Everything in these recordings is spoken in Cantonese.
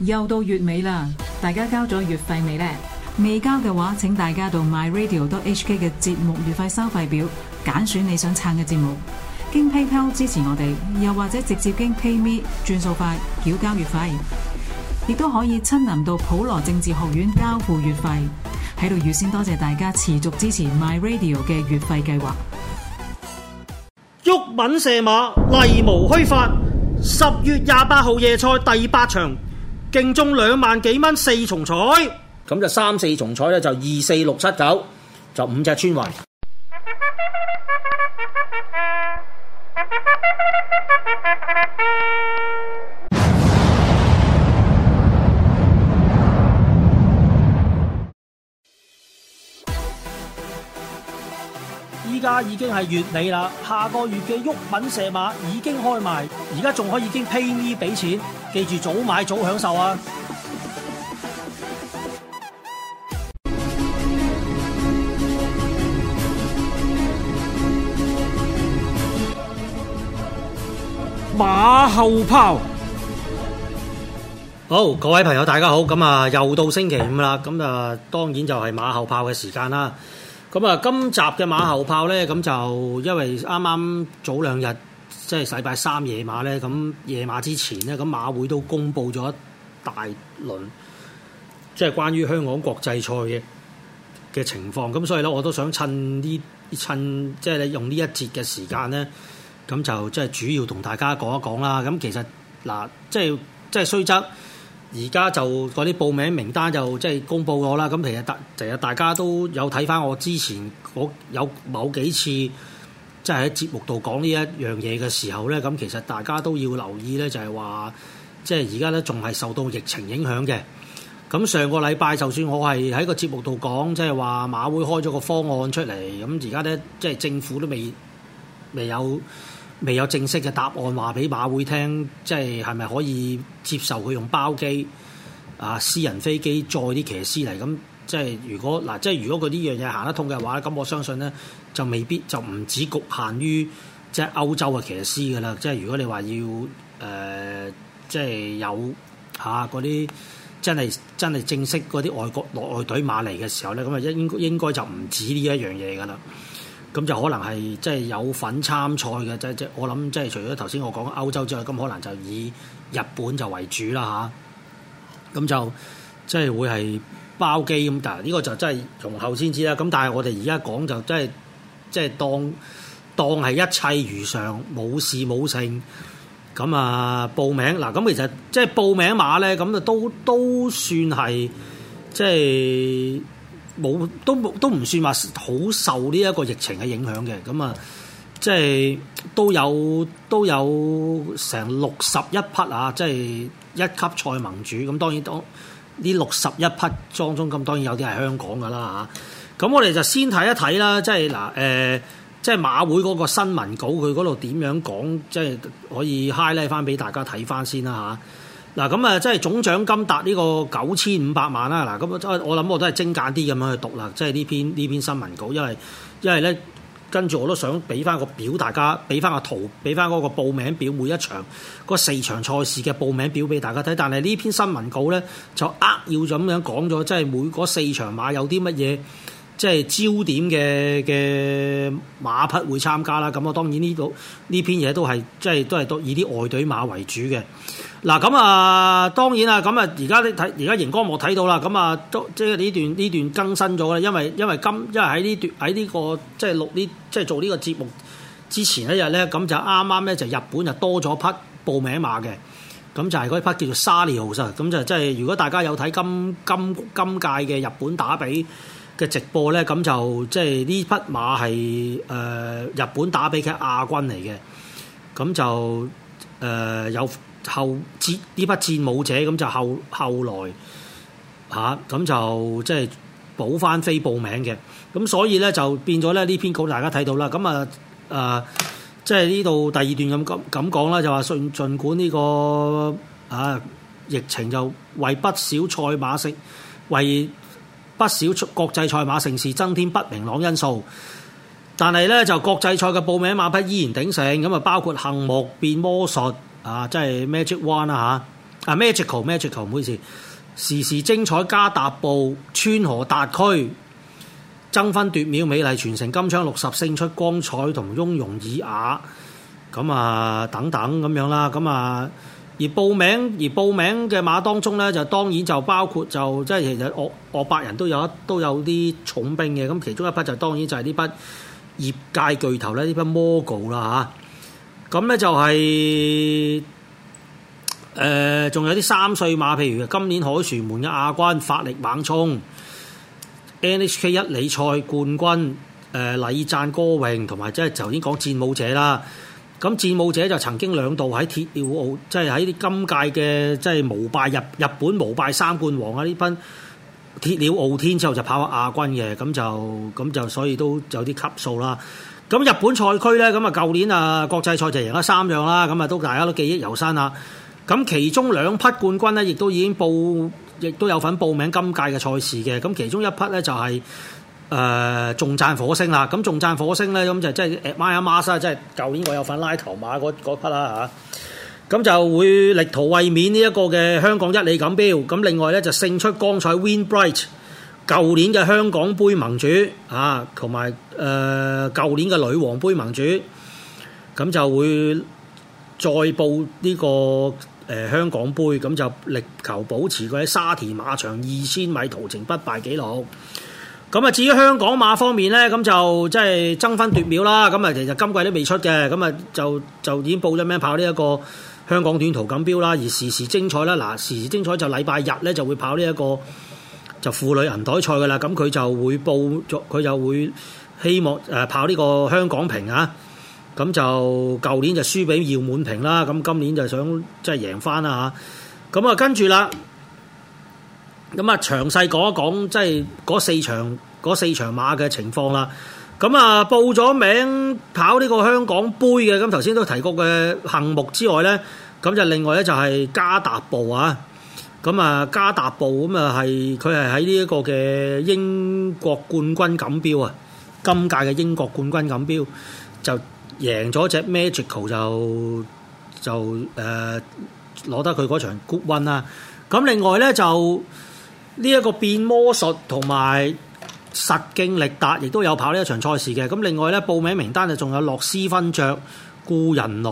又到月尾啦，大家交咗月費未呢？未交嘅話，請大家到 My Radio.HK 嘅節目月費收費表揀選你想撐嘅節目，經 PayPal 支持我哋，又或者直接經 PayMe 轉數快繳交月費，亦都可以親臨到普羅政治學院交付月費。喺度預先多謝大家持續支持 My Radio 嘅月費計劃。毓民射馬，例無虛發。十月廿八號夜賽第八場。競中兩萬幾蚊四重彩，咁就三四重彩咧就二四六七九，就五隻穿圍。而家已經係月尾啦，下個月嘅毓民射馬已經開賣，而家仲可以經 pay me 俾錢，記住早買早享受啊！馬後炮，好，各位朋友大家好，咁啊又到星期五啦，咁啊當然就係馬後炮嘅時間啦。咁啊，今集嘅馬後炮呢，咁就因為啱啱早兩日即係禮拜三夜馬呢，咁夜馬之前呢，咁馬會都公布咗一大輪，即係關於香港國際賽嘅嘅情況。咁所以呢，我都想趁呢趁即係用呢一節嘅時間呢，咁就即係主要同大家講一講啦。咁其實嗱，即係即係雖則。而家就嗰啲報名名單就即係公佈咗啦。咁其實大，其實大家都有睇翻我之前我有某幾次即係喺節目度講呢一樣嘢嘅時候呢，咁其實大家都要留意呢，就係話即係而家呢仲係受到疫情影響嘅。咁上個禮拜就算我係喺個節目度講，即係話馬會開咗個方案出嚟，咁而家呢，即係政府都未未有，未有正式嘅答案話俾馬會聽，即係係咪可以接受佢用包機啊私人飛機載啲騎師嚟？咁即係如果嗱，即係如果佢呢樣嘢行得通嘅話，咁我相信咧就未必就唔止局限於即係歐洲嘅騎師噶啦。即係如果你話要誒、呃，即係有嚇嗰啲真係真係正式嗰啲外國外隊馬嚟嘅時候咧，咁啊應該應該就唔止呢一樣嘢㗎啦。咁就可能係即係有份參賽嘅，即即我諗即係除咗頭先我講歐洲之外，咁可能就以日本就為主啦吓。咁就即係會係包機咁，但係呢個就真係從後先知啦。咁但係我哋而家講就真係即係當當係一切如常，冇事冇成。咁啊報名嗱，咁其實即係報名碼咧，咁啊都都算係即係。冇都都唔算話好受呢一個疫情嘅影響嘅，咁啊，即係都有都有成六十一匹啊，即係一級賽盟主。咁當然，當呢六十一匹當中，咁當然有啲係香港噶啦吓。咁、啊、我哋就先睇一睇啦，即係嗱，誒、呃，即係馬會嗰個新聞稿，佢嗰度點樣講，即係可以 highlight 翻俾大家睇翻先啦、啊、吓。啊嗱，咁啊，即係總獎金達呢個九千五百萬啦。嗱，咁我我諗我都係精簡啲咁樣去讀啦，即係呢篇呢篇新聞稿，因為因為咧跟住我都想俾翻個表，大家俾翻個圖，俾翻嗰個報名表，每一場嗰四場賽事嘅報名表俾大家睇。但係呢篇新聞稿咧就呃要咁樣講咗，即係每個四場馬有啲乜嘢即係焦點嘅嘅馬匹會參加啦。咁啊，當然呢度呢篇嘢都係即係都係都以啲外隊馬為主嘅。嗱咁啊，當然啦，咁啊，而家你睇，而家熒光幕睇到啦，咁啊，都即係呢段呢段更新咗啦，因為因為今因為喺呢段喺呢、這個即係錄呢即係做呢個節目之前一日咧，咁就啱啱咧就日本就多咗匹報名馬嘅，咁就係嗰匹叫做沙利豪塞，咁就即係如果大家有睇今今今屆嘅日本打比嘅直播咧，咁就即係呢匹馬係誒、呃、日本打比嘅亞軍嚟嘅，咁就誒、呃、有。後筆戰呢筆戰舞者咁就後後來吓咁、啊、就即係補翻非報名嘅咁，所以咧就變咗咧呢篇稿，大家睇到啦，咁啊誒，即係呢度第二段咁咁講啦，就話順盡管呢、這個啊疫情就為不少賽馬城為不少國際賽馬城市增添不明朗因素，但係咧就國際賽嘅報名馬匹依然鼎盛咁啊，包括項目變魔術。啊，即係 Magic One 啦、啊、嚇，啊，Magical Magical 唔好意思，時時精彩加踏步，川河達區，爭分奪秒美麗傳承，金槍六十勝出光彩同雍容以雅，咁啊等等咁樣啦，咁啊而報名而報名嘅馬當中咧，就當然就包括就即係其實我我八人都有都有啲重兵嘅，咁其中一匹就當然就係呢匹業界巨頭咧，呢匹 Mogul 啦嚇。啊咁咧就係、是、誒，仲、呃、有啲三歲馬，譬如今年凱旋門嘅亞軍，發力猛衝 NHK 一哩賽冠軍誒、呃，禮讚歌榮同埋即係頭先講戰舞者啦。咁戰舞者就曾經兩度喺鐵鳥奧，即係喺啲今屆嘅即係無敗日本日本無敗三冠王啊呢班鐵鳥傲天之後就跑下亞軍嘅，咁就咁就所以都有啲級數啦。咁日本賽區咧，咁啊舊年啊國際賽就贏咗三樣啦，咁啊都大家都記憶猶新啦！咁其中兩匹冠軍咧，亦都已經報，亦都有份報名今屆嘅賽事嘅。咁其中一匹咧就係誒重讚火星啦。咁重讚火星咧，咁就即係 Admire Mars，即係舊年我有份拉頭馬嗰匹啦嚇。咁、啊、就會力圖衛冕呢一個嘅香港一哩錦標。咁另外咧就勝出光彩 Win Bright。舊年嘅香港杯盟主啊，同埋誒舊年嘅女王杯盟主，咁、啊、就會再報呢、這個誒、呃、香港杯，咁、啊、就力求保持佢喺沙田馬場二千米途程不敗紀錄。咁啊，至於香港馬方面呢，咁就即係、就是、爭分奪秒啦。咁啊，其實今季都未出嘅，咁啊就就已經報咗咩？跑呢一個香港短途錦標啦、啊，而時時精彩啦。嗱、啊，時時精彩就禮拜日呢就會跑呢、這、一個。就婦女銀袋賽嘅啦，咁佢就會報咗，佢就會希望誒、啊、跑呢個香港平啊，咁、嗯、就舊年就輸俾姚滿平啦，咁、啊、今年就想即係贏翻啦吓，咁、就是、啊、嗯、跟住啦，咁啊詳細講一講，即係嗰四場嗰四場馬嘅情況啦，咁啊報咗名跑呢個香港杯嘅，咁頭先都提過嘅項目之外咧，咁、啊、就另外咧就係加達布啊。咁啊，加達布咁啊，係佢係喺呢一個嘅英國冠軍錦標啊，今屆嘅英國冠軍錦標就贏咗隻 Magical 就就誒攞得佢嗰場 Group One 啦。咁另外咧就呢一個變魔術同埋實經力達，亦都有跑呢一場賽事嘅。咁另外咧報名名單啊，仲有洛斯勳爵、故人來，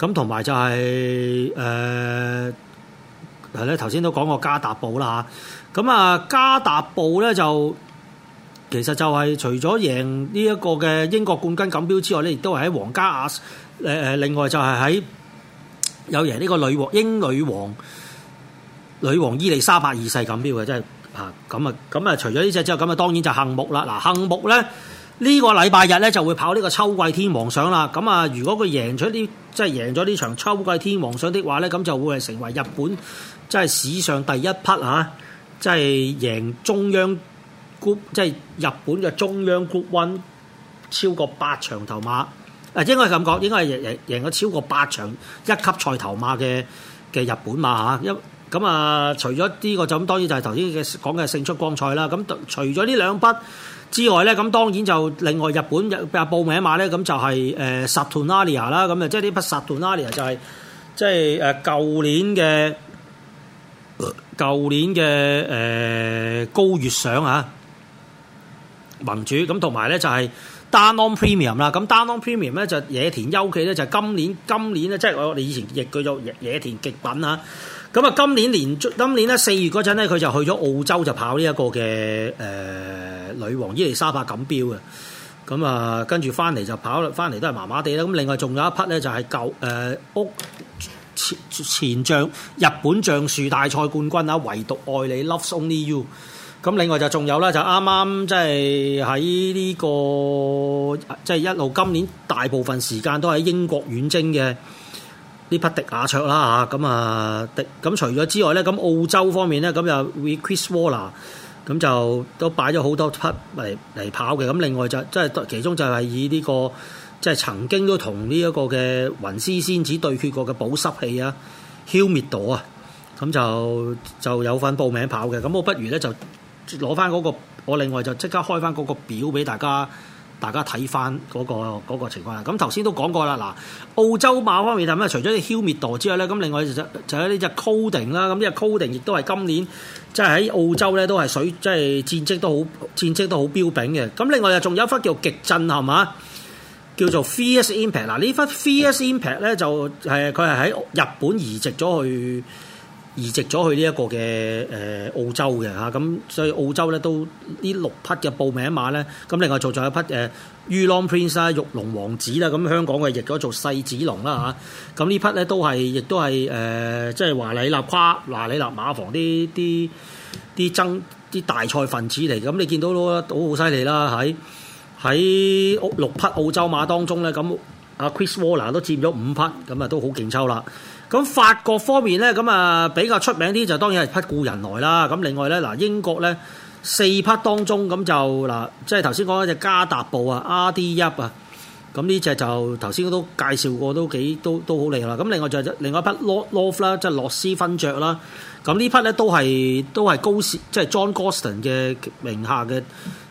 咁同埋就係誒。係咧，頭先都講過加達布啦嚇，咁啊加達布咧就其實就係除咗贏呢一個嘅英國冠軍錦標之外咧，亦都係喺皇家亞誒誒，另外就係喺有贏呢個女王英女王女王伊利沙伯二世錦標嘅，即係嚇咁啊咁啊！除咗呢隻之後，咁啊當然就幸木啦，嗱幸木咧。呢個禮拜日咧就會跑呢個秋季天皇賞啦，咁啊，如果佢贏咗呢，即、就、係、是、贏咗呢場秋季天皇賞的話咧，咁就會係成為日本即係、就是、史上第一匹吓、啊，即、就、係、是、贏中央即係日本嘅中央 group one 超過八場頭馬，誒、啊，應該咁講，應該係贏贏贏咗超過八場一級賽頭馬嘅嘅日本馬吓，一、啊、咁啊，除咗呢、這個就咁，當然就係頭先嘅講嘅勝出光賽啦，咁、啊、除咗呢兩筆。之外咧，咁當然就另外日本又報名啊嘛咧，咁就係誒 Saturnalia 啦，咁啊即係呢匹 Saturnalia 就係即係誒舊年嘅舊年嘅誒皐月賞啊，盟主咁同埋咧就係 Danon Premium 啦，咁 Danon Premium 咧就野田優企咧就係、是、今年今年咧即係我哋以前亦叫做野田極品啊，咁啊今年年今年咧四月嗰陣咧佢就去咗澳洲就跑呢、這、一個嘅誒。呃女王伊莉莎白錦標嘅，咁啊跟住翻嚟就跑，翻嚟都係麻麻地啦。咁另外仲有一匹呢，就係舊誒屋前前象日本橡樹大賽冠軍啊，唯獨愛你 Loves Only You。咁、嗯、另外就仲有咧，就啱啱即係喺呢個即係一路今年大部分時間都喺英國遠征嘅呢匹迪亞卓啦嚇。咁啊迪咁除咗之外呢，咁澳洲方面呢，咁又 Chris Waller 咁就都擺咗好多匹嚟嚟跑嘅，咁另外就即係、就是、其中就係以呢、這個即係、就是、曾經都同呢一個嘅雲獅仙子對決過嘅保濕器啊 Humidity 啊，咁就就有份報名跑嘅，咁我不如咧就攞翻嗰個，我另外就即刻開翻嗰個表俾大家。大家睇翻嗰個情況啦。咁頭先都講過啦，嗱澳洲馬方面咁啊，除咗啲消滅舵之外咧，咁另外就就有一隻 coding 啦，咁呢隻 coding 亦都係今年即係喺澳洲咧都係水，即係戰績都好戰績都好彪炳嘅。咁另外又仲有一匹叫極震係嘛，叫做 Fierce Impact。嗱呢匹 Fierce Impact 咧就係佢係喺日本移植咗去。移植咗去呢一個嘅誒澳洲嘅嚇，咁所以澳洲咧都呢六匹嘅報名馬咧，咁另外仲有一匹誒 Yulong Prince 啊、玉龍王子啦，咁香港嘅譯咗做細子龍啦嚇，咁呢匹咧都係亦都係誒即係華理立跨嗱，華理立馬房啲啲啲爭啲大賽分子嚟，咁你見到都好好犀利啦，喺喺六匹澳洲馬當中咧，咁阿 Chris Waller 都佔咗五匹，咁啊都好勁抽啦。咁法國方面咧，咁啊比較出名啲就當然係匹故人來啦。咁另外咧，嗱英國咧四匹當中，咁就嗱，即係頭先講嗰隻加達布啊、R D 一啊，咁呢隻就頭先都介紹過，都幾都都好嚟啦。咁另外就另外一匹 l o 洛洛夫啦，即係洛斯勳爵啦。咁呢匹咧都係都係高斯，即係 John Gosden 嘅名下嘅，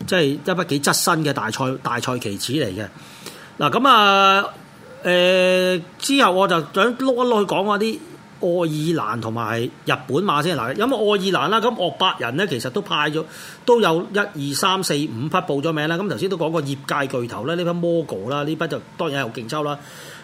即係一匹幾側新嘅大賽大賽騎士嚟嘅。嗱咁啊～啊誒、呃、之後我就想碌一碌去講下啲愛爾蘭同埋日本馬先嗱，因、嗯、為愛爾蘭啦，咁岳伯倫咧其實都派咗都有一二三四五匹報咗名啦。咁頭先都講過業界巨頭啦，呢匹 Mogul 啦，呢匹就當然係有競爭啦。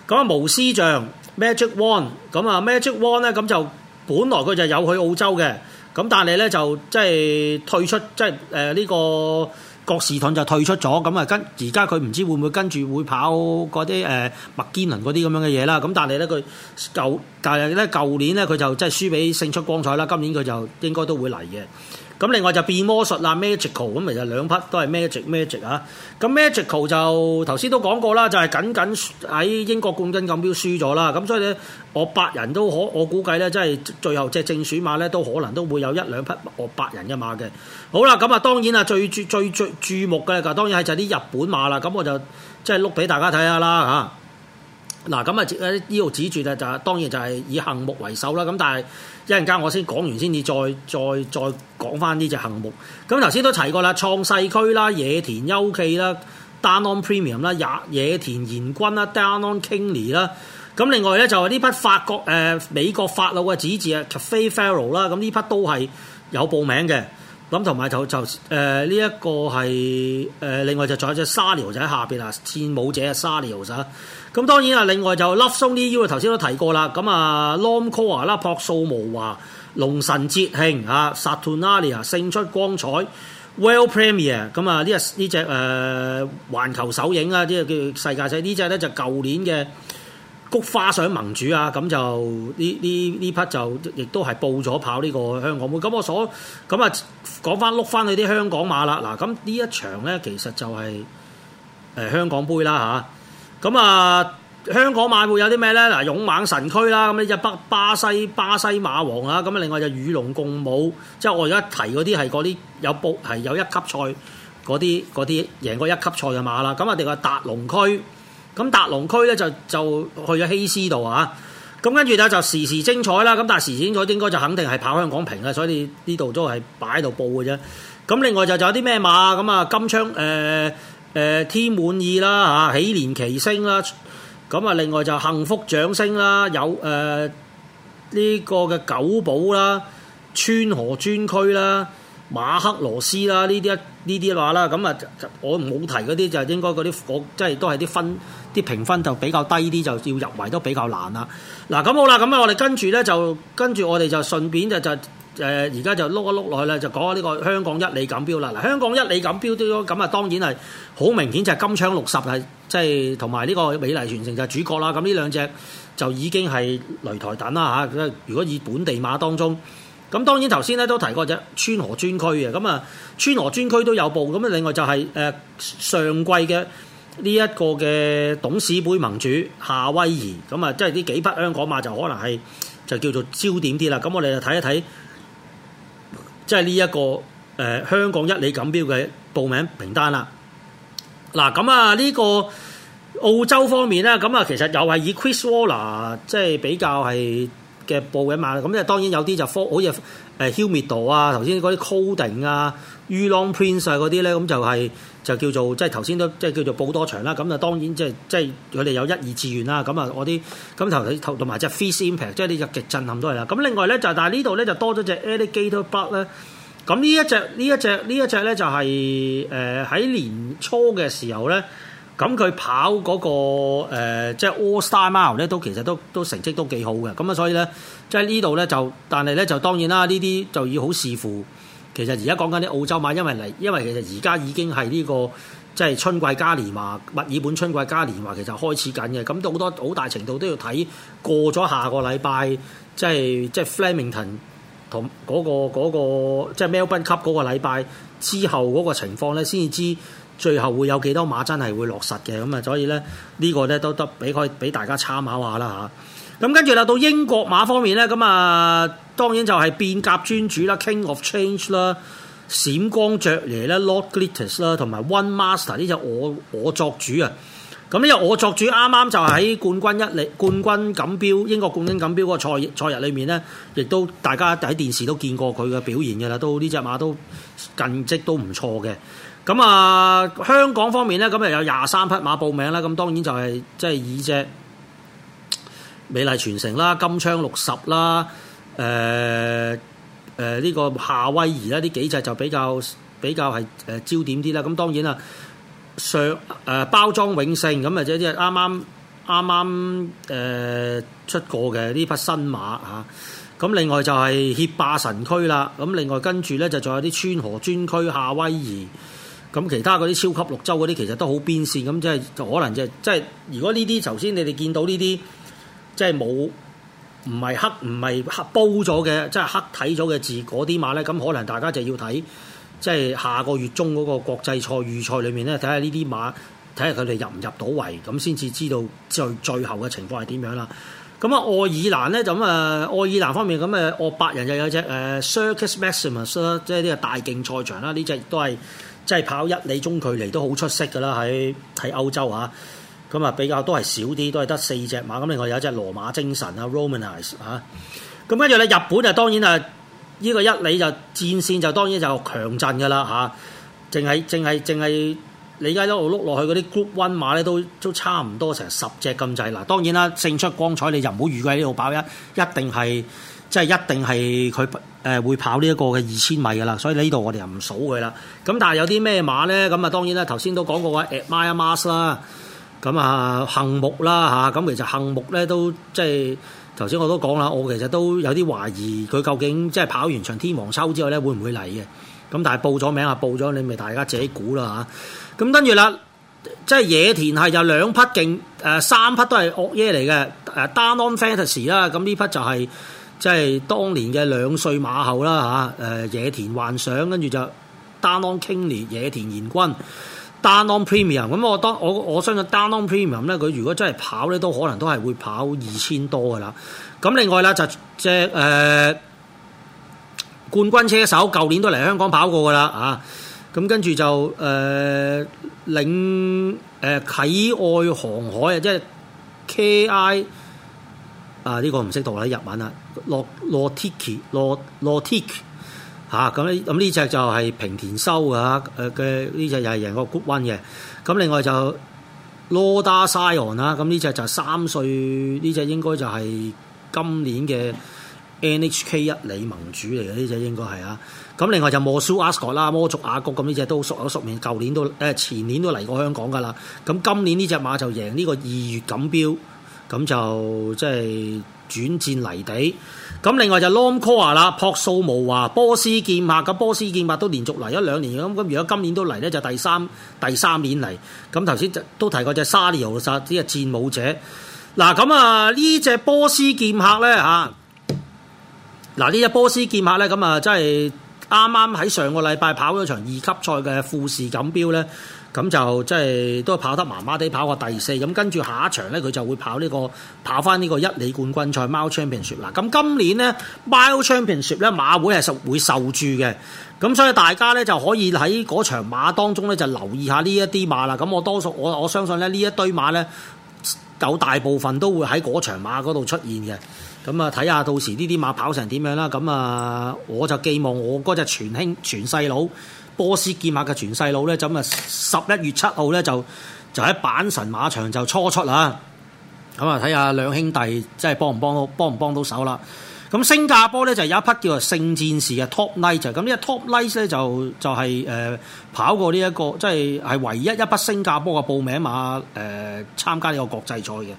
咁、嗯、啊無師像 Magic Wand，咁啊 Magic Wand 咧咁就本來佢就有去澳洲嘅，咁、嗯、但係咧就即係退出即係誒呢個。國士盾就退出咗，咁啊跟而家佢唔知會唔會跟住會跑嗰啲誒麥堅能嗰啲咁樣嘅嘢啦，咁但係咧佢舊，但係咧舊年咧佢就真係輸俾勝出光彩啦，今年佢就應該都會嚟嘅。咁另外就變魔術啦，Magical，咁其實兩匹都係 Magical，Magical 就頭先都講過啦，就係僅僅喺英國冠軍錦標輸咗啦，咁所以咧，我八人都可，我估計咧，即係最後隻正選馬咧，都可能都會有一兩匹我八人一馬嘅。好啦，咁啊當然啊最最最最注目嘅，嗱當然係就啲日本馬啦，咁我就即係碌俾大家睇下啦嚇。嗱咁啊！呢度指住咧，就當然就係以項目為首啦。咁但係一陣間我先講完，先至再再再講翻呢隻項目。咁頭先都提過啦，創世區啦、野田優企啦、Danon Premium 啦、野田賢君啦、Danon Kingly 啦。咁另外咧就係呢匹法國誒、呃、美國法老嘅指字啊，Cafe Pharoah 啦。咁呢匹都係有報名嘅。咁同埋就就誒呢一個係誒、呃、另外就仲有隻沙牛仔喺下邊啊，戰舞者沙牛仔。咁當然啊，另外就 Love Song 呢 U 啊，頭先都提過啦。咁啊，Long Core 啦，樸素無華；龍神節慶啊 Saturnalia 勝出光彩。World Premier 咁啊，呢隻呢隻誒環球首映啊，啲叫世界盃。隻呢隻咧就舊、是、年嘅菊花賞盟主啊，咁就呢呢呢批就亦都係報咗跑呢個香港杯。咁我所咁啊講翻碌 o 翻佢啲香港馬啦。嗱，咁呢一場咧，其實就係、是、誒、呃、香港杯啦，嚇、啊。咁啊，香港馬會有啲咩咧？嗱，勇猛神驅啦，咁呢隻北巴西巴西馬王啊，咁啊另外就與龍共舞，即係我而家提嗰啲係嗰啲有報係有一級賽嗰啲啲贏過一級賽嘅馬啦。咁啊，另外達龍驅，咁達龍驅咧就就去咗希斯度啊。咁跟住咧就時時精彩啦。咁但係時時精彩應該就肯定係跑香港平啦，所以呢度都係擺喺度報嘅啫。咁另外就就有啲咩馬咁啊，金槍誒。呃誒、呃，天滿意啦，嚇，喜連其升啦，咁啊，另外就幸福掌聲啦，有誒呢、呃，這個嘅九保啦，川河專區啦，馬克羅斯啦，呢啲一呢啲話啦，咁啊，我唔好提嗰啲就是、應該嗰啲，即係、就是、都係啲分，啲評分就比較低啲，就要入圍都比較難啦。嗱，咁好啦，咁啊，我哋跟住咧，就跟住我哋就順便就就。誒而家就碌一碌落去咧，就講下呢個香港一哩錦標啦。嗱，香港一哩錦標都咁啊，當然係好明顯就係金槍六十係即係同埋呢個美麗傳承就係主角啦。咁呢兩隻就已經係擂台等啦嚇、啊。如果以本地馬當中，咁當然頭先咧都提過隻川河專區嘅。咁啊，川河專區都有報。咁啊，另外就係、是、誒、呃、上季嘅呢一個嘅董事杯盟主夏威夷。咁啊，即係呢幾匹香港馬就可能係就叫做焦點啲啦。咁我哋就睇一睇。即係呢一個誒、呃、香港一理錦標嘅報名名，名單啦。嗱咁啊，呢、啊這個澳洲方面咧、啊，咁啊其實又係以 Chris Waller 即係比較係嘅報嘅嘛。咁、啊、咧當然有啲就科好似。誒消滅度啊！頭先嗰啲 coding 啊、Ultra Prince 啊嗰啲咧，咁就係、是、就是就是就是就是、叫做即係頭先都即係叫做報多場啦。咁啊，當然即係即係佢哋有一二志願啦。咁啊，我啲咁頭頭同埋隻 Fist Impact 即係呢隻極震撼都係啦。咁另外咧就是，但係呢度咧就多咗隻 Alligator Blood 咧。咁呢一隻，一隻呢一隻呢一隻咧就係誒喺年初嘅時候咧。咁佢跑嗰、嗰個、呃、即係 All Star Mile 咧，都其實都都成績都幾好嘅。咁啊，所以咧，即係呢度咧就，但係咧就當然啦，呢啲就要好視乎。其實而家講緊啲澳洲馬，因為嚟，因為其實而家已經係呢、呢個即係春季嘉年華，墨爾本春季嘉年華其實開始緊嘅。咁都好多好大程度都要睇過咗下個禮拜，即係即係 Flemington 同、嗰、嗰個、嗰個嗰個、即係 Melbourne Cup 嗰個禮拜之後嗰個情況咧，先至知。最後會有幾多馬真係會落實嘅咁啊？所以咧呢個咧都得俾可俾大家參考下啦嚇。咁跟住啦，到英國馬方面咧，咁啊當然就係變甲專主啦，King of Change 啦，閃光雀爺啦，Lord Glitters 啦，同埋 One Master 呢隻我我作主啊。咁因為我作主啱啱就喺冠軍一嚟，冠軍錦標英國冠軍錦標嗰個賽賽日裏面咧，亦都大家喺電視都見過佢嘅表現嘅啦。都呢隻馬都近績都唔錯嘅。咁啊，香港方面咧，咁又有廿三匹馬報名啦。咁當然就係即係以隻美麗傳承啦、金槍六十啦、誒誒呢個夏威夷啦，啲幾隻就比較比較係誒、呃、焦點啲啦。咁當然啊，上誒、呃、包裝永盛咁啊，即係啱啱啱啱誒出過嘅呢匹新馬嚇。咁、啊、另外就係協霸神區啦。咁另外跟住咧就仲有啲川河專區夏威夷。咁其他嗰啲超級綠洲嗰啲其實都好邊線，咁即係就可能、即係、即係即係，如果呢啲頭先你哋見到呢啲即係冇唔係黑唔係黑煲咗嘅，即係黑體咗嘅字嗰啲馬咧，咁可能大家就要睇即係下個月中嗰個國際賽預賽裏面咧，睇下呢啲馬睇下佢哋入唔入到圍，咁先至知道最最後嘅情況係點樣啦。咁啊愛爾蘭咧就，咁啊愛爾蘭方面，咁啊愛伯人就有隻誒 Circus Maximus 啦，呃、Maxim us, 即係呢個大競賽場啦，呢隻亦都係。即係跑一里中距離都好出色㗎啦，喺喺歐洲嚇，咁啊比較都係少啲，都係得四隻馬。咁另外有一隻羅馬精神、mm. 啊，Romanised 嚇。咁跟住咧，日本啊當然啊，呢個一里就戰線就當然就強陣㗎啦吓，淨係淨係淨係，你而家一路碌落去嗰啲 group one 馬咧，都都差唔多成十隻咁滯。嗱，當然啦，勝出光彩你又唔好預計呢度跑一，一定係。即係一定係佢誒會跑呢一個嘅二千米㗎啦，所以呢度我哋又唔數佢啦。咁但係有啲咩馬咧？咁啊當然啦，頭先都講過話 Admire Mars 啦，咁、嗯、啊杏木啦嚇。咁、啊、其實杏木咧都即係頭先我都講啦，我其實都有啲懷疑佢究竟即係跑完場天皇秋之後咧會唔會嚟嘅。咁但係報咗名啊，報咗你咪大家自己估啦嚇。咁跟住啦，即係野田係有兩匹勁誒、啊、三匹都係惡耶嚟嘅誒 Danon Fantasy 啦、啊，咁呢匹就係、是。即係當年嘅兩歲馬後啦嚇，誒、呃、野田幻想跟住就 Danon Kingly 野田賢君 Danon Premium，咁我當我我相信 Danon Premium 咧，佢如果真係跑咧，都可能都係會跑二千多噶啦。咁另外啦，就隻誒、呃、冠軍車手，舊年都嚟香港跑過噶啦啊。咁跟住就誒、呃、領誒、呃、啟愛航海啊，即係 KI。啊！呢個唔識讀啦，日文啦，洛洛 k 騎，洛洛鐵騎嚇咁咧，咁呢隻就係平田收嘅嚇，嘅呢隻又係贏過谷 o o d w i n 嘅。咁另外就 Sion 啦，咁呢隻就三歲，呢隻應該就係今年嘅 NHK 一哩盟主嚟嘅，呢隻應該係啊。咁另外就 Mossu 摩 a 阿國啦，摩族亞谷咁呢隻都熟口熟面，舊年都誒前年都嚟過香港㗎啦。咁今年呢隻馬就贏呢個二月錦標。咁就即係轉戰泥地，咁另外就 Long Core 啦了，朴素無華，波斯劍客。咁波斯劍客都連續嚟咗兩年咁，咁如果今年都嚟咧，就是、第三第三年嚟。咁頭先都提過隻沙尼奧薩，呢個戰舞者。嗱，咁啊呢隻波斯劍客咧嚇，嗱呢隻波斯劍客咧咁啊真係啱啱喺上個禮拜跑咗場二級賽嘅富士錦標咧。咁就即係、就是、都係跑得麻麻地，跑個第四。咁跟住下一場咧，佢就會跑呢、呢個跑翻呢個一哩冠軍賽 Mile Championship。嗱，咁今年咧 Mile Championship 咧馬會係受會受注嘅。咁所以大家咧就可以喺嗰場馬當中咧就留意下呢一啲馬啦。咁我多數我我相信咧呢一堆馬咧有大部分都會喺嗰場馬嗰度出現嘅。咁啊睇下到時呢啲馬跑成點樣啦。咁啊我就寄望我嗰隻全兄全細佬，波斯劍馬嘅全細佬咧，咁啊，十一月七號咧，就就喺阪神馬場就初出啦。咁啊，睇下兩兄弟即係幫唔幫到，幫唔幫到手啦。咁星加坡咧就有一匹叫做聖戰士嘅 Top Knight，咁呢一 Top Knight 咧就是、就係、是、誒、呃、跑過呢、這、一個，即係係唯一一匹星加坡嘅報名馬誒、呃、參加呢個國際賽嘅。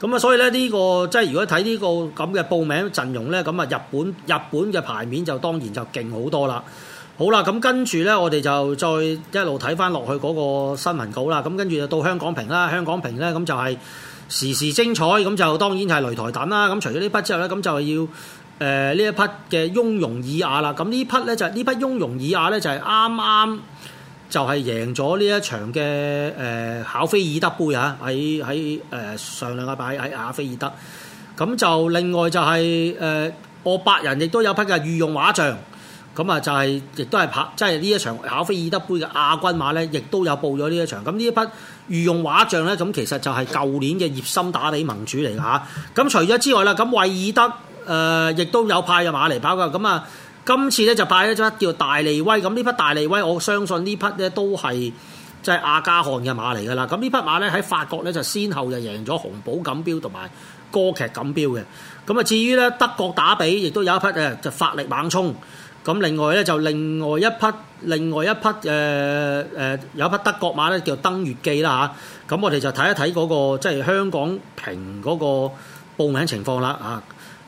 咁啊，所以咧呢、這個即係如果睇呢、這個咁嘅報名陣容咧，咁啊日本日本嘅牌面就當然就勁好多啦。好啦，咁跟住呢，我哋就再一路睇翻落去嗰個新聞稿啦。咁跟住就到香港評啦，香港評呢，咁就係時時精彩。咁就當然係擂台蛋啦。咁除咗呢匹之後呢，咁就係要呢、呃、一匹嘅雍容爾雅啦。咁呢匹呢，就係呢匹雍容爾雅呢，就係啱啱就係贏咗呢一場嘅誒、呃、考菲爾德杯吓，喺喺誒上兩個禮拜喺亞菲爾德。咁就另外就係、是、誒、呃、我白人亦都有匹嘅御用畫像。咁啊，就係亦都係跑，即係呢一場考菲爾德杯嘅亞軍馬咧，亦都有報咗呢一場。咁呢一匹御用畫像咧，咁其實就係舊年嘅熱心打比盟主嚟嘅吓，咁除咗之外啦，咁維爾德誒亦都有派嘅馬嚟跑嘅。咁啊，今次咧就派咗一匹叫大利威。咁呢匹大利威，我相信呢匹咧都係即係亞加漢嘅馬嚟㗎啦。咁呢匹馬咧喺法國咧就先後就贏咗紅寶錦標同埋歌劇錦標嘅。咁啊，至於咧德國打比，亦都有一匹誒就發力猛衝。咁另外咧，就另外一匹，另外一匹誒誒、呃呃、有一匹德國馬咧，叫登月記啦嚇，咁、啊、我哋就睇一睇嗰、那個即係、就是、香港平嗰個報名情況啦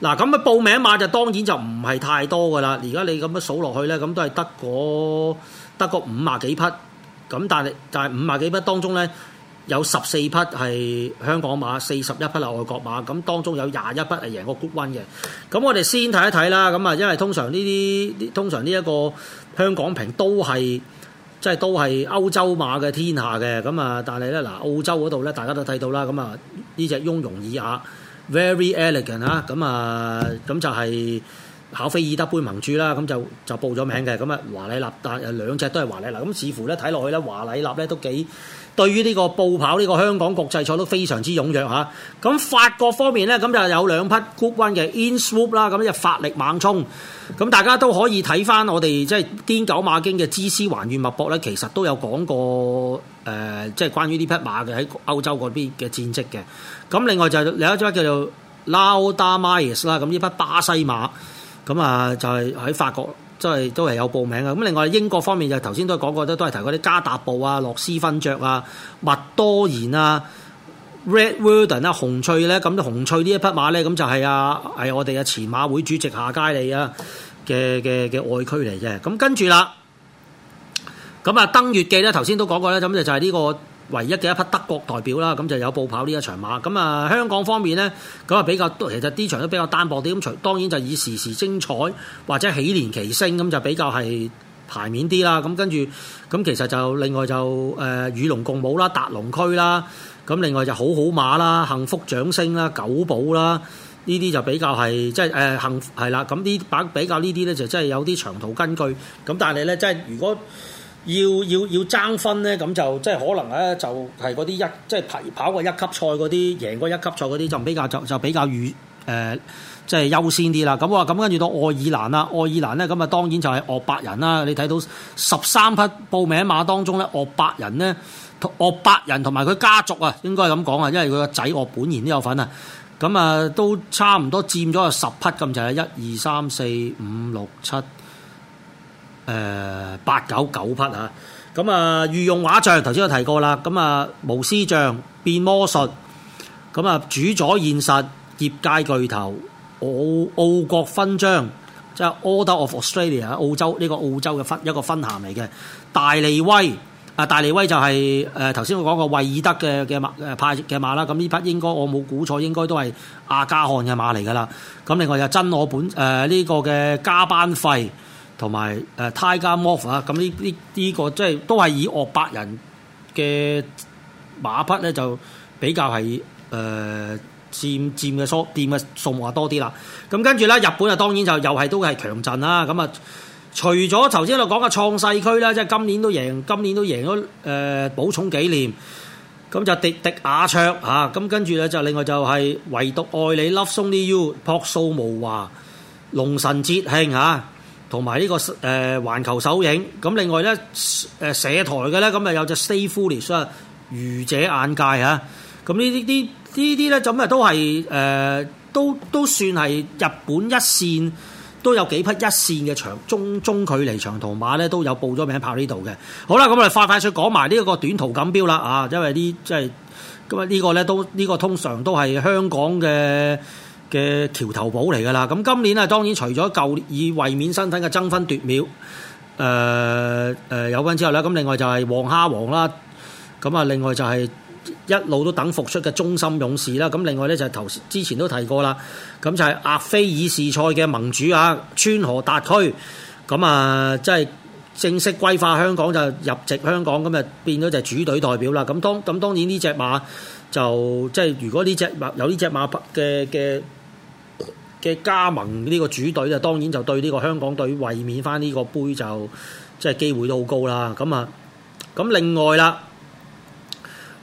嚇。嗱，咁嘅報名馬就當然就唔係太多噶啦，而家你咁樣數落去咧，咁都係得嗰，得嗰五廿幾匹。咁但係，但係五廿幾匹當中咧。有十四匹係香港馬，四十一匹係外國馬，咁當中有廿一匹係贏過 Group One 嘅。咁我哋先睇一睇啦。咁啊，因為通常呢啲，通常呢一個香港瓶都係即係都係歐洲馬嘅天下嘅。咁啊，但係咧嗱，澳洲嗰度咧，大家都睇到啦。咁啊，呢隻雍容爾雅 very elegant 啊，咁啊，咁就係考菲爾德杯盟主啦。咁就就報咗名嘅。咁啊，華麗納但係兩隻都係華麗納。咁似乎咧睇落去咧，華麗納咧都幾。對於呢個報跑呢、這個香港國際賽都非常之踴躍嚇，咁、啊、法國方面咧咁就有兩匹 Group One 嘅 In Swoop 啦、啊，咁就發力猛衝，咁、啊、大家都可以睇翻我哋即係癲狗馬經嘅芝士環宇脈搏咧，其實都有講過誒，即、呃、係、就是、關於呢匹馬嘅喺歐洲嗰邊嘅戰績嘅。咁、啊、另外就有、就是、一匹叫做 Laudamais 啦、啊，咁呢匹巴西馬，咁啊就係、是、喺法國。即係都係有報名嘅，咁另外英國方面就頭先都講過，都都係提嗰啲加達布啊、洛斯勳爵啊、麥多然啊、Redwood 啊、紅翠咧，咁啲紅翠呢一匹馬咧，咁就係、是、啊，係我哋嘅前馬會主席夏佳理啊嘅嘅嘅愛駒嚟嘅，咁跟住啦，咁啊登月記咧，頭先都講過咧，咁就就係呢個。唯一嘅一匹德國代表啦，咁就有步跑呢一場馬。咁啊，香港方面咧，咁啊比較，其實啲場都比較單薄啲。咁除當然就以時時精彩或者喜連其升咁就比較係牌面啲啦。咁跟住，咁其實就另外就誒與龍共舞啦、達龍區啦。咁另外就好好馬啦、幸福掌聲啦、九寶啦，呢啲就比較係即係誒幸係啦。咁呢把比較呢啲咧，就真係有啲長途根據。咁但係你咧，真係如果。要要要爭分咧，咁就即係可能咧，就係嗰啲一即係跑跑過一級賽嗰啲，贏過一級賽嗰啲就比較就就比較遇誒即係優先啲啦。咁啊，咁跟住到愛爾蘭啦，愛爾蘭咧，咁啊當然就係岳伯仁啦。你睇到十三匹報名馬當中咧，岳伯仁咧，岳伯仁同埋佢家族啊，應該係咁講啊，因為佢個仔岳本賢都有份啊。咁啊，都差唔多佔咗十匹，咁就係一二三四五六七。1, 2, 3, 4, 5, 6, 7, 誒、呃，八九九匹吓、啊，咁、嗯、啊御用畫像，頭先我提過啦，咁、嗯、啊無師像變魔術，咁、嗯、啊主宰現實業界巨頭澳澳國勳章，即係 Order of Australia，澳洲呢個澳洲嘅一個分銜嚟嘅，大利威啊大利威就係誒頭先我講過衛爾德嘅嘅、呃、馬誒派嘅馬啦，咁呢匹應該我冇估錯，應該都係阿加漢嘅馬嚟噶啦，咁、啊、另外就真的我的本誒呢個嘅加班費。同埋誒 Tiger Moth 啊，咁呢啲呢個即、就、係、是、都係以奧拜恩嘅馬匹咧，就比較係誒佔、佔嘅數店嘅數目多啲啦。咁跟住咧，日本啊，當然就又係都係強陣啦。咁啊，除咗頭先度講嘅創世區啦，即係今年都贏，今年都贏咗誒、呃、寶塚紀念。咁就迪迪亞卓嚇，咁、啊、跟住咧就另外就係、是、唯獨愛你 Loves Only You 樸素無華，龍神節慶嚇。啊同埋呢個誒、呃、環球首映，咁另外咧誒社台嘅咧，咁啊有隻 Stay Foolish 啊，愚者眼界嚇，咁、啊、呢啲啲呢啲咧，咁啊都係誒、呃、都都算係日本一線，都有幾匹一線嘅長中中距離長途馬咧，都有報咗名跑呢度嘅。好啦，咁我哋快快脆講埋呢一個短途錦標啦啊，因為、就是這個、呢即係咁啊呢個咧都呢、這個通常都係香港嘅。嘅橋頭堡嚟噶啦，咁今年啊，當然除咗舊以衛冕身份嘅爭分奪秒，誒、呃、誒、呃呃、有份之後咧，咁另外就係黃蝦王啦，咁啊，另外就係一路都等復出嘅忠心勇士啦，咁另外咧就係、是、頭之前都提過啦，咁就係阿非爾士賽嘅盟主啊，川河達區，咁啊，即、就、係、是、正式歸化香港就入籍香港，咁啊變咗就主隊代表啦，咁當咁當然呢隻馬就即係、就是、如果呢隻有呢隻馬嘅嘅。嘅加盟呢個主隊啊，當然就對呢個香港隊衛冕翻呢個杯就即係機會都好高啦。咁啊，咁另外啦，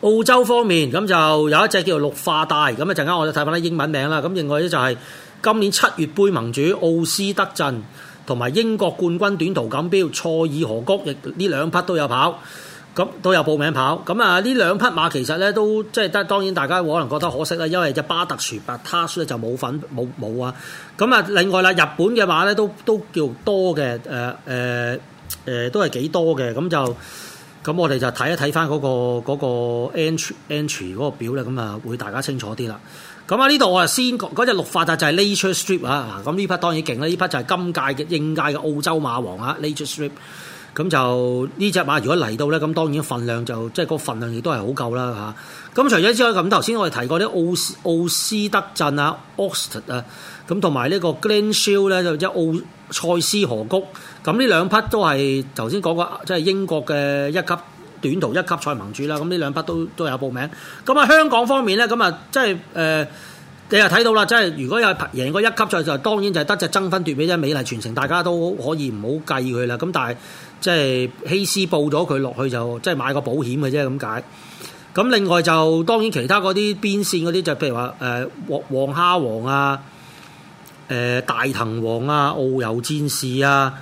澳洲方面咁就有一隻叫做綠化帶。咁啊陣間我就睇翻啲英文名啦。咁另外咧就係今年七月杯盟主奧斯德鎮同埋英國冠軍短途錦標賽爾河谷，亦呢兩匹都有跑。咁都有報名跑，咁啊呢兩匹馬其實咧都即係得，當然大家可能覺得可惜啦，因為只巴特殊白他書咧就冇粉冇冇啊，咁啊另外啦，日本嘅馬咧都都叫多嘅，誒誒誒都係幾多嘅。咁就咁我哋就睇一睇翻嗰個嗰、那個 entry entry 嗰個表咧，咁啊會大家清楚啲啦。咁啊呢度我啊先嗰隻綠發就係 Nature Strip 啊，咁呢匹當然勁啦，呢匹就係今屆嘅應屆嘅澳洲馬王啊 Nature Strip。咁就呢隻馬如果嚟到咧，咁當然份量就即係嗰個份量亦都係好夠啦嚇。咁除咗之外咁，頭先我哋提過啲奧斯奧斯德鎮啊，Oxted 啊，咁同埋呢個 Glen Shiel 咧，就即奧賽斯河谷。咁呢兩匹都係頭先講過，即係英國嘅一級短途一級賽盟主啦。咁呢兩匹都都有報名。咁啊，香港方面咧，咁啊，即係誒，你又睇到啦，即係如果有贏過一級賽就當然就係得隻爭分奪秒啫，美麗傳承，大家都可以唔好計佢啦。咁但係。即係希斯報咗佢落去就即、是、係買個保險嘅啫咁解。咁另外就當然其他嗰啲邊線嗰啲就是、譬如話誒黃黃蝦王啊、誒、呃、大藤王啊、澳遊戰士啊。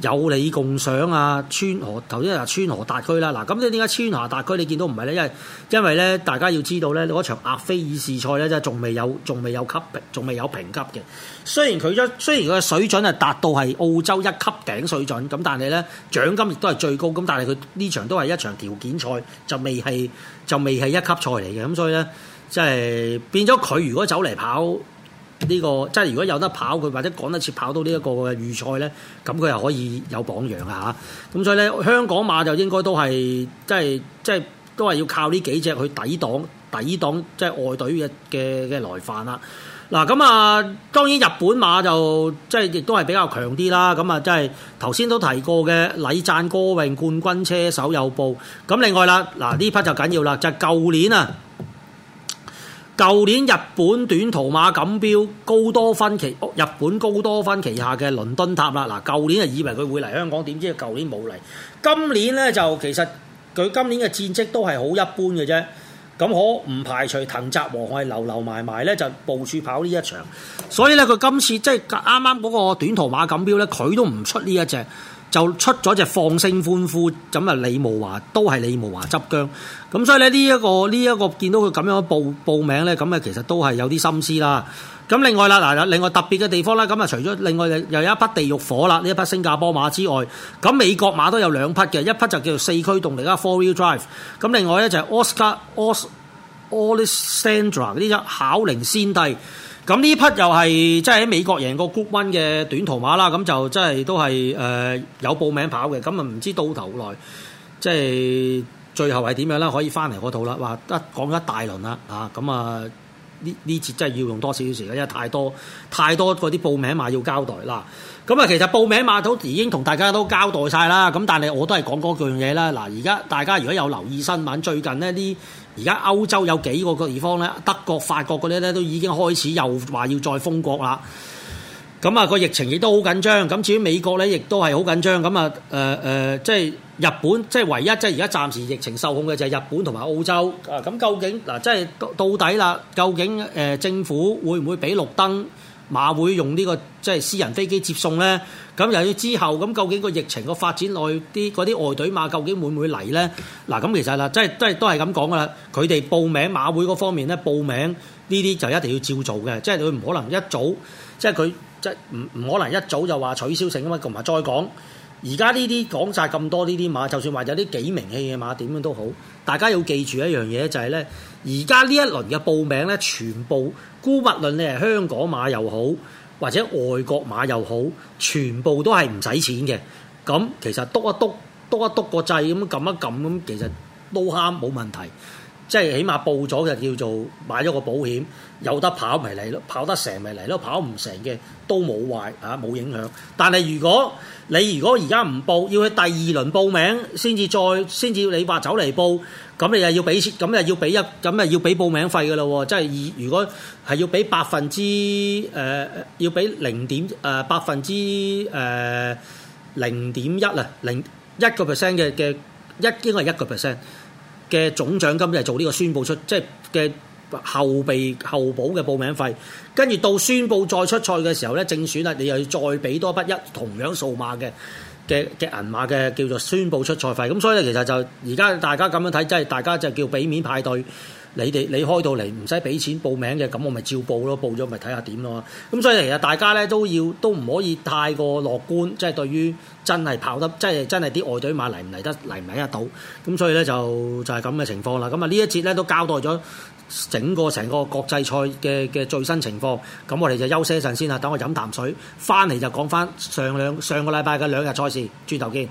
有你共賞啊！川河頭先啊，川河達區啦，嗱咁你點解川河達區你見到唔係咧？因為因為咧，大家要知道咧，嗰場阿菲爾士賽咧，真係仲未有，仲未有級，仲未有評級嘅。雖然佢一，雖然佢嘅水準係達到係澳洲一級頂水準，咁但係咧獎金亦都係最高。咁但係佢呢場都係一場條件賽，就未係就未係一級賽嚟嘅。咁所以咧，即係變咗佢如果走嚟跑。呢個即係如果有得跑佢，或者趕得切跑到呢一個預賽呢，咁佢又可以有榜樣啊嚇！咁所以呢，香港馬就應該都係即係即係都係要靠呢幾隻去抵擋抵擋即係外隊嘅嘅嘅來犯啦。嗱咁啊，當然日本馬就即係亦都係比較強啲啦。咁啊，即係頭先都提過嘅禮讚歌詠冠軍車手有報。咁另外啦，嗱呢匹就緊要啦，就係舊年啊。舊年日本短途馬錦標高多芬旗日本高多芬旗下嘅倫敦塔啦，嗱舊年啊，以為佢會嚟香港，點知舊年冇嚟。今年咧就其實佢今年嘅戰績都係好一般嘅啫，咁可唔排除藤澤和雄係流流埋埋咧就部署跑呢一場。所以咧佢今次即係啱啱嗰個短途馬錦標咧，佢都唔出呢一隻。就出咗隻放聲歡呼，咁啊李慕華都係李慕華執僵。咁所以咧呢一個呢一個見到佢咁樣報報名咧，咁啊其實都係有啲心思啦。咁另外啦，嗱另外特別嘅地方咧，咁啊除咗另外又有一匹地獄火啦，呢一匹新加坡馬之外，咁美國馬都有兩匹嘅，一匹就叫做四驅動力啦 four wheel drive，咁另外咧就係 Oscar O ar, Os, o r e s a n d r a 嗰啲考靈先帝。咁呢匹又係即係喺美國贏過 Group One 嘅短途馬啦，咁就即係都係誒有報名跑嘅，咁啊唔知到頭來即係最後係點樣啦？可以翻嚟嗰套啦，話得講一大輪啦，啊咁啊呢呢節真係要用多少少時間，因為太多太多嗰啲報名馬要交代啦。咁啊，其實報名馬都已經同大家都交代晒啦，咁但係我都係講嗰樣嘢啦。嗱，而家大家如果有留意新聞，最近呢啲。而家歐洲有幾個個地方咧，德國、法國嗰啲咧都已經開始又話要再封國啦。咁啊，個疫情亦都好緊張。咁至於美國咧，亦都係好緊張。咁啊，誒、呃、誒，即係日本，即係唯一即係而家暫時疫情受控嘅就係日本同埋澳洲。啊，咁究竟嗱、啊，即係到底啦，究竟誒、呃、政府會唔會畀綠燈？馬會用呢個即係私人飛機接送呢，咁又要之後，咁究竟個疫情個發展內啲，嗰啲外隊馬究竟會唔會嚟呢？嗱，咁其實啦，即係都係都係咁講㗎喇，佢哋報名馬會嗰方面呢，報名呢啲就一定要照做嘅，即係佢唔可能一早，即係佢即係唔唔可能一早就話取消性啊嘛。同埋再講，而家呢啲講晒咁多呢啲馬，就算話有啲幾名氣嘅馬點樣都好，大家要記住一樣嘢就係呢：而家呢一輪嘅報名呢，全部。姑勿論你係香港馬又好，或者外國馬又好，全部都係唔使錢嘅。咁其實篤一篤，篤一篤個掣咁撳一撳，咁其實都啱冇問題。即係起碼報咗就叫做買咗個保險，有得跑咪嚟咯，跑得成咪嚟咯，跑唔成嘅都冇壞嚇冇、啊、影響。但係如果你如果而家唔報，要去第二輪報名先至再先至你話走嚟報，咁你又要俾錢，咁又要俾一，咁又要俾報名費㗎啦。即係二，如果係要俾百分之誒、呃，要俾零點誒、呃、百分之誒零點一啊，零一個 percent 嘅嘅一應該係一個 percent。嘅總獎金咧，做呢個宣佈出，即係嘅後備後補嘅報名費，跟住到宣佈再出賽嘅時候咧，正選啊，你又要再俾多一筆一同樣數碼嘅嘅嘅銀碼嘅叫做宣佈出賽費，咁所以咧，其實就而家大家咁樣睇，即係大家就叫俾面派對。你哋你開到嚟唔使畀錢報名嘅，咁我咪照報咯，報咗咪睇下點咯。咁所以其實大家咧都要都唔可以太過樂觀，即係對於真係跑得即係真係啲外隊馬嚟唔嚟得嚟唔嚟得到。咁所以咧就就係咁嘅情況啦。咁啊呢一節咧都交代咗整個成個國際賽嘅嘅最新情況。咁我哋就休息一陣先啦，等我飲啖水，翻嚟就講翻上兩上個禮拜嘅兩日賽事，轉頭見。